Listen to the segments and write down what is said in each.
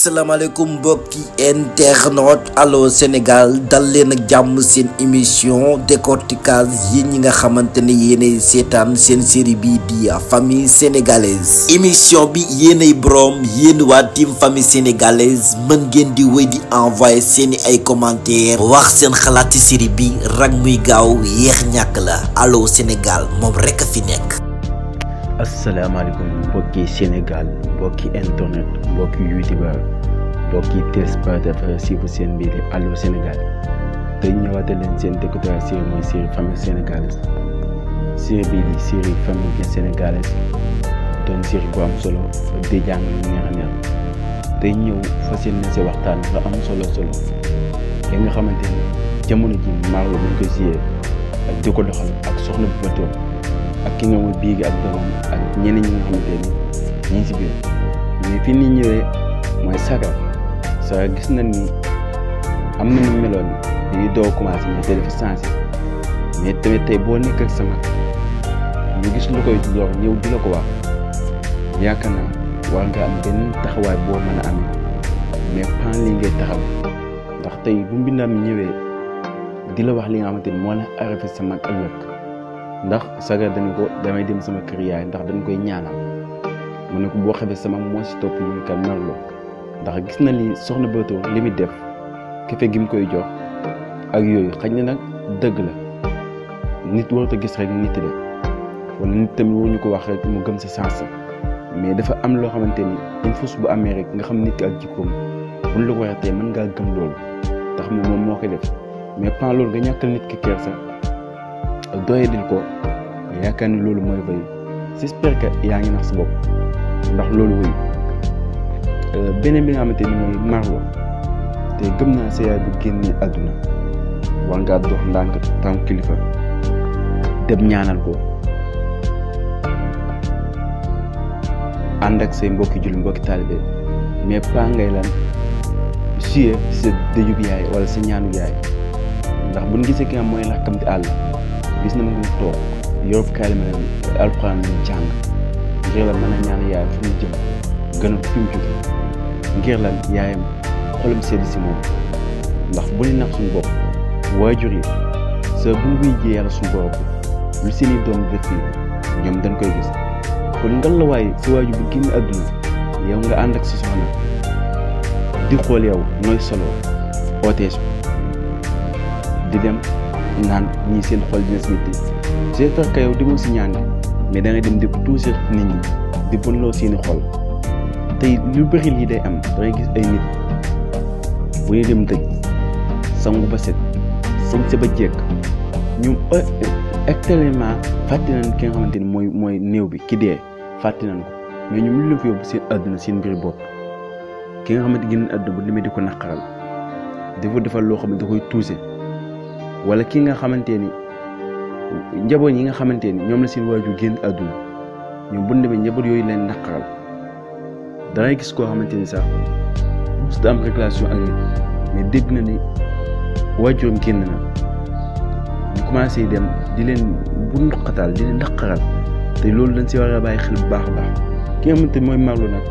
salaamaaleykum mbokki internaute allo Sénégal dal leen ak jàmm seen émission décortiquage yi ñi nga xamante ne yéenay seetaan seen série bi di famille sénégalaise émission bi yéenay boroom yéen waa team famille sénégalaise mën ngeen di wéy di envoyé seeni ay commentaire wax seen xalaat ci série bi rag muy gaaw yéex ñàkk la allo Sénégal moom rekk a fi nekk asalaamaaleykum mbokki mbokk yi TS.com dafa siifu seen mbir Allô Sénégal tey ñëwaate leen seen décodage série mooy série famille bu am solo di jàng lu neex neex tey ñëw fas yéene si waxtaan lu am solo solo li nga xamante ni jamono ji Marlo bu ñu ko siyee ak di ko doxal ak soxna bu ma ak ki nga mooy biigi ak doomam ak ñeneen ñi nga xamante ni ñi ngi si biir mais fi ni ñëwee mooy sagal parce gis nañ ni am na ñu meloon dañuy doo commencé mais tey dafa changé mais tamit tey boo nekk ak sama ñu gis lu koy lool ñëw di la ko wax yaakaar naa war nga am benn taxawaay boo mën a amee mais pan li ngay taxaw ndax tey bu mbindam ñëwee di la wax li nga xamante ni moo la arrêté sama ëllëg ndax saga dañ ko damay dem sama kër yaay ndax dañ koy ñaanal mu ne ko boo xamee sama moo si topp ñu kan narloo ndax gis na ni soxna Bato li muy def kefe gi mu koy jox ak yooyu xaj ne nag dëgg la nit warut a gis rek nit de wala nit tamit waruñu ko wax rek mu gëm sa sens mais dafa am loo xamante ni une fausse bu amee rek nga xam nit ki ak jikkoom buñ la ko waxee tey mën ngaa gëm loolu tax mu moom moo koy def mais pendant loolu nga ñàkkal nit ki kersa dañ ko yaakaar ni loolu mooy wéy j'espère que yaa ngi nax sa bopp ndax loolu wéy. Euh, beneen bi nga xamante ni mooy Marlo te gëm naa sa yaay bu génnee àdduna war ngaa dox ndànk tànk kilifa dem ñaanal ko ànd ak say mbokki jul mbokki taalibe mais pas ngay lan suyee sa dëjub yaay wala sa ñaanu yaay ndax buñ gisee ki nga mooy làkkamti àll gis na mu ngi toog yorop kaalima alxuraan lañ jàng ngir la ñaan yaay fu mu jëm gën a fi ngir lan yaayam xolam sedd si moom ndax bu ne nax suñu bopp waajur yi sa bu buy jee yàlla suñu bopp lu seen doom def yi ñoom dañ koy gis kon ngal si waajur bu ak si soxna di xool yow solo ootees di dem naan ñii seen xol dina si métti cest à da nga dem di toujours nit ñi di bonloo xol. tey lu bëri lii day am dangay gis ay nit bu ñu dem dëj sangu ba set sañ sa ba jekk ñu eh, actuellement fàtte nañ ki xamante ni mooy néew bi ki dee fàtte nañ ko mais ñu mun leen fi yóbbu seen àdduna seen mbiri bopp ki nga xamante génn àdduna bu demee di ko naqaral dafa defal loo xam ne da koy tuuse wala ki nga xamante ni njaboot yi nga xamante ni ñoom la seen waajur génn àdduna ñoom bu demee njaboot yooyu leen naqaral da ngay gis koo xamante ni sax mosut am relation ak nit mais dégg na ni waajuram génn na ñu commencé dem di leen bu nduqataal di leen naqaral te loolu dañ si war a bàyyi xel bu baax a baax ki nga xamante mooy Marlo nag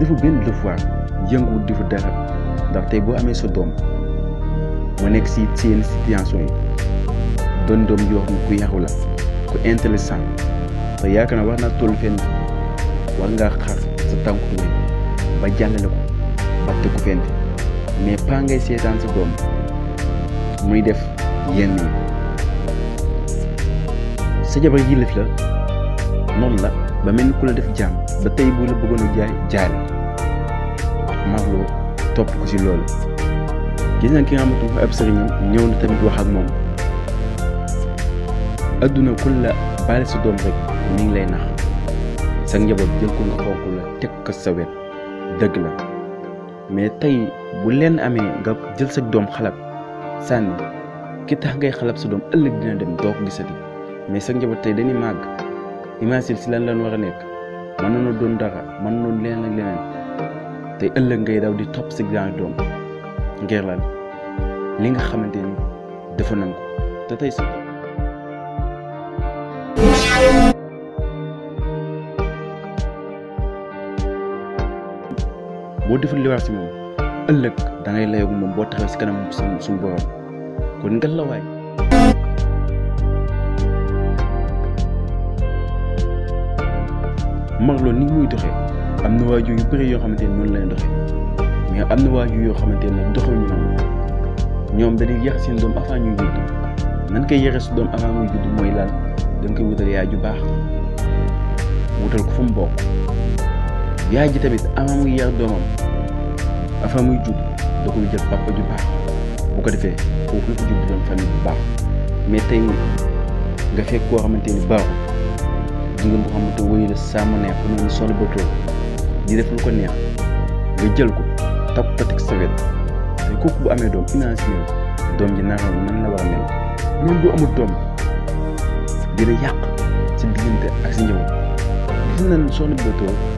dafa benn devoir yënguwut dafa dara ndax tey boo amee sa doom nekk si seen situation yi doon doom yoo xam ku yaru la ku intéressant te yaakaar naa war naa toll fenn war ngaa xar. sa tànku tubéy ba jàngale ko ba tegu fent mais pas ngay seetaan sa doom muy def yenn yi sa jabar yilif la moom la ba mel ni ku la def jaam ba tey bu la bëggoon jaay jaare Marlo topp ko ci loolu gis na ki nga xamante ni ab sëriñam ñëw na tamit wax ak moom adduna ku la baale sa doom rek mi ngi lay nax sa njaboot jël ko nga la teg ko sa wet dëgg la mais tey bu leen amee nga jël sa doom xalab sànni ki tax ngay xalab sa doom ëllëg dina dem doo ko gisati mais sa njaboot tey dañuy màgg imagine si lan lan war a nekk mën nañoo doon dara mën nañoo leneen ak leneen tey ëllëg ngay daw di topp sa grand doom ngir lan li nga xamante ni defoon nañ ko te tey sa boo deful li war si moom ëllëg da ngay layoog moom boo taxaw si kanam suñu suñu kon ngal la waay. Marlo ni muy doxee am na waajur yu bëri yoo xamante ne noonu lay doxee mais am na waajur yoo xamante ne doxee ñu ñoom dañuy yar seen doom avant ñuy judd nan koy yaree su doom avant muy judd mooy laal dañ koy wutal yaay ju baax wutal ko fu mu bokk. yaay ji tamit avant muy yar doomam avant muy jub da koy jël papa ju baax bu ko defee kooku la ko jub di doon bu baax mais tey nga fekk koo xamante ni baaxul jigéen bu xamante wëyu la saa mu di def lu ko neex nga jël ko takk ko teg sa te kooku bu amee doom imaginer doom ji naan nan la war a mel même bu amul doom dina yàq ci diggante ak si njëw gis nañ solo ba toog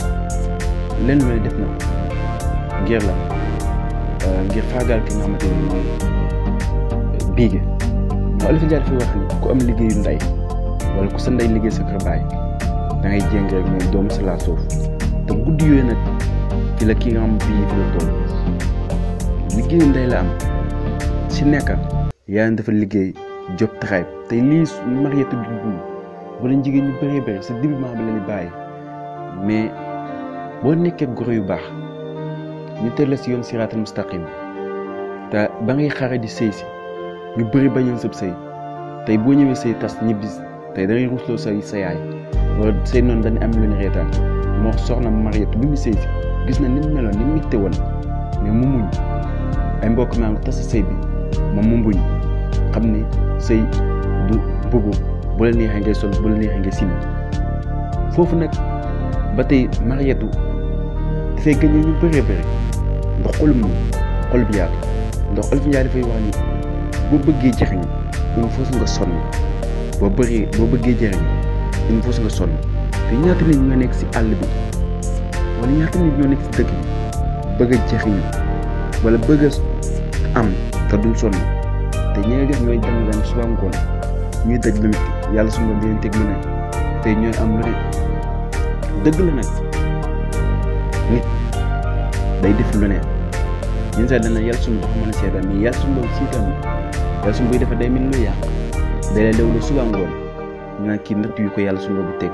leen lu ne def na ngir la ngir euh, faagaal ki nga xamante ne mooy biige ndax Olof wax ku am liggéeyu ndey wala ku sa ndey liggéey sa kër baay da ngay jéng doom sa laa suuf te guddi yooyu nag ci la ki nga xam bii fi la toll liggéeyu ndey la am si nekka yàlla dafa liggéey job taxaay te lii Mariétou Diouf wala jigéen ñu bëree bëri sa début bi la ñu bàyyi boo nekkee goro yu baax ñu teel si yoon siraatal mustaqim te ba ngay xare di sëy si ñu bëri bañeen sëb sëy tey boo ñëwee sëy tas ñibbis tey da ngay rusloo say sa yaay wala say noonu dañu am lu ñu reetaan moo soxna Mariette bi mu sëy si gis na ni mu meloon ni mu itte woon mais mu muñ ay mbokk tas sëy bi moom mu muñ xam ni sëy du bubu bu la neexee ngay sol bu la neexee ngay simi foofu nag ba tey Mariette fee gagné ñu bëree bëri ndax xolum ñu xol bi yaatu ndax xol bi yaatu dafay wax ni boo bëggee jëriñ il faut nga sonn boo bëree boo bëggee jëriñ il faut nga sonn te ñaata nit ñoo nekk si àll bi wala ñoo bëgg a wala bëgg a am te duñ sonn te ñooy def ñooy dem leen suba ngoon ñuy daj lu metti yàlla su ma leen teg lu te ñooy am lu dëgg la nag. day def lu ne yenn saa dana yàlla suñu mën a seetaan mais yàlla suñu boobu siitaan yàlla buy defar day mel lu yàq day lew la ngoon ñu naan kii natt yu ko yàlla suñu bu teg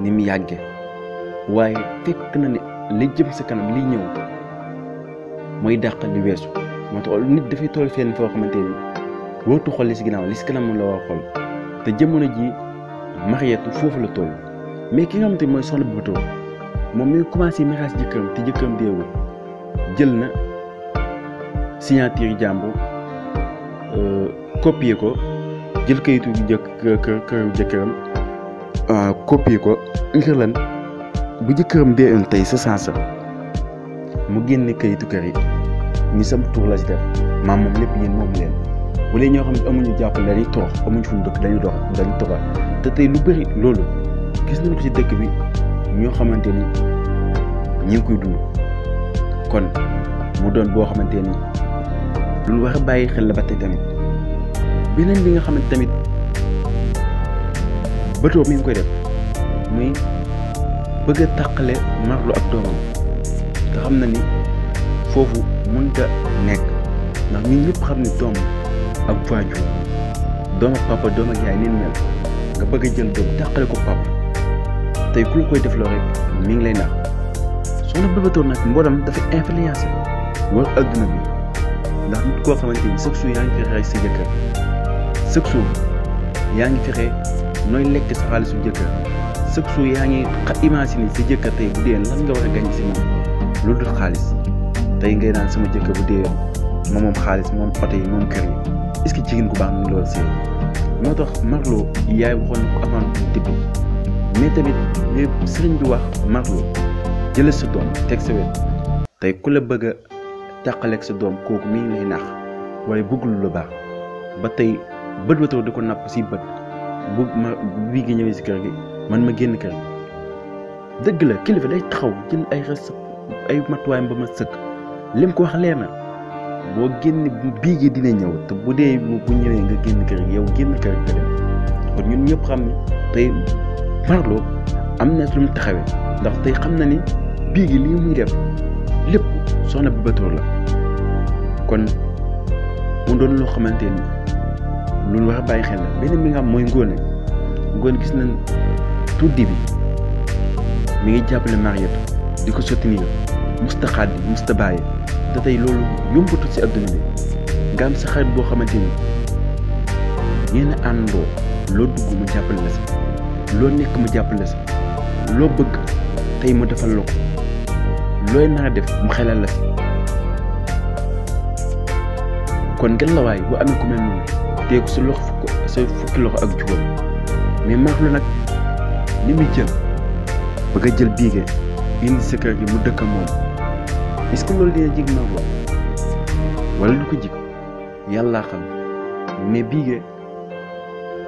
ni mu yàggee waaye fekk na ne li jëm sa kanam li ñëw mooy dàq di weesu moo tax nit dafay toll fenn foo xamante ni wootu xool li si ginnaaw li si kanam la war a te jamono ji Mariétou foofu la toll mais ki nga xamante ni mooy soxna Bato moom mi ngi commencé mariage jëkkëram te jël na signature yi jàmbur euh, copier ko jël kayitu jëkk kër këru jëkkëram euh, copier ko ngir lan bu jëkkëram dee woon tey sa sansa mu génne kayitu kër yi ni sam tur la ci def maam moom lépp yéen moom leen bu lee ñoo xam ne amuñu jàpp dañuy torox amuñu fu ñu dëkk dañuy dox dañuy togal te tey lu bëri loolu gis nañ ko ci dëkk bi ñoo xamante ni ñu ngi koy dund kon mu doon boo xamante ni lu war a bàyyi xel la ba tey tamit beneen bi nga xamante tamit bëtoo mi ngi koy def muy bëgg a taqale Marlo ak doomam te xam na ni foofu mënut a nekk ndax ñun ñëpp xam ne doom ak waajur doom ak papa doom ak yaay neen mel nga bëgg a jël doom taqale ko papa tey ku la koy defloo rek mi ngi lay nax Olof Bébé Tour nag dafa influencé war adduna bi ndax nit koo xamante ni chaque jour yaa ngi fexe nooy lekk sa xaalisu jëkkër chaque jour yaa ngi xa imaginer sa jëkkër tey bu dee lan nga war a gañ si moom loolu dul xaalis tey ngay naan sama jëkkër bu dee moom moom xaalis moom oto yi moom kër yi est-ce que jigéen baax na loolu si moo tax Marlo yaay waxoon na ko avant début mais tamit sëriñ bi wax Marlo. jëlee sa doom teg sa wet tey ku la bëgg a tàqaleeg sa doom kooku mi ngi lay naax waaye bëggul lu baax ba tey bët ba di ko napp si bët bu ma bii gi ñëwee si kër gi man ma génn kër gi dëgg la kilifa day taxaw jël ay res ay matuwaayam ba ma sëkk lim ko wax leer na boo génn bii gi dina ñëw te bu dee bu ñëwee nga génn kër gi yow génn kër gi dem kon ñun ñëpp xam ne tey Marlo am na lu mu taxawee ndax tey xam na ni. bii gi lii muy def lépp soxna Bébé Tour la kon mu doon loo xamante ni loolu wax bàyyi xel na beneen bi nga xam mooy ngóone ngóone gis na tout début mi ngi jàppale Mariette di ko soutenir musta xaat bi musta bàyyi te tey loolu yombatu ci adduna bi nga am sa xarit boo xamante ni ngeen a àndoo loo dugg mu jàppale la si loo nekk mu jàppale la si loo bëgg tey mu defal la looy naa def mu xelal la si kon gën la waay bu amee ku mel noonu teeku loxo fukki loxo ak juróom mais maax lu nag li muy jël bëgg a jël biige indi sa kër gi mu dëkk moom est-ce que loolu dina jig maax wala du ko jig yàllaa xam mais biige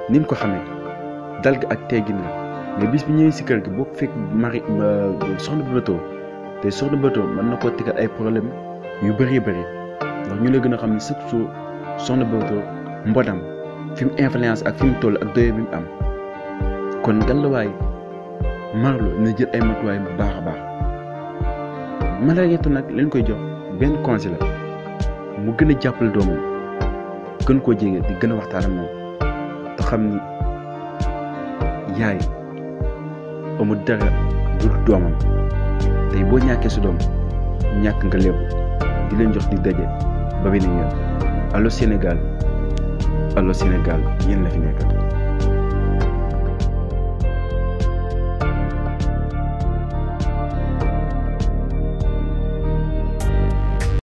ni ko xamee dal gi ak teggin la mais bis bi ñëwee si kër gi boo fekk mari soxna bi ba te soxna Bato mën na koo tegal ay problème yu bari bëri ndax ñu la gën a xam ne chaque jour soxna Bato mbotam fi influence ak fi mu toll ak doyoo bi mu am kon gàllawaay Marlo na jël ay matuwaay bu baax a baax Marietou nag lañ koy jox benn conseil la mu gën a jàppale doomam gën koo jege di gën a waxtaan ak te xam ni yaay amul dara dul doomam. tey boo ñàkkee sa doom ñàkk nga lépp di leen jox di daje ba beneen yoon allo Sénégal allo Sénégal yéen la fi nekkal.